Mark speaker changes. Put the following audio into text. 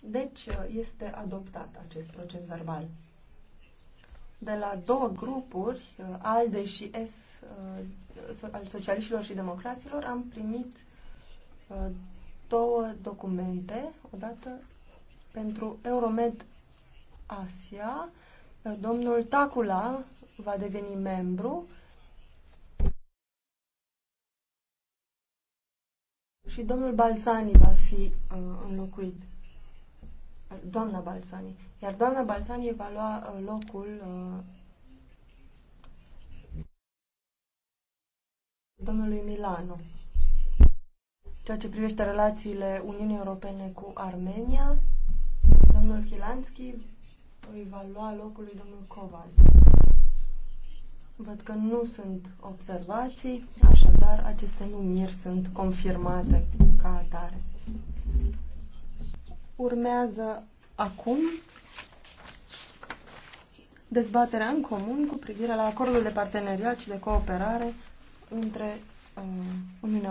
Speaker 1: Deci uh, este adoptat acest proces verbal. De la două grupuri, uh, ALDE și S, uh, al socialiștilor și democraților, am primit două documente, odată pentru Euromed Asia. Domnul Tacula va deveni membru și domnul Balsani va fi înlocuit doamna Balsani. Iar doamna Balsani va lua uh, locul uh, domnului Milano. Ceea ce privește relațiile Uniunii Europene cu Armenia, domnul Chilanski îi va lua locul lui domnul Coval. Văd că nu sunt observații, așadar aceste numiri sunt confirmate ca atare. Urmează acum dezbaterea în comun cu privire la acordul de parteneriat și de cooperare între uh, Uniunea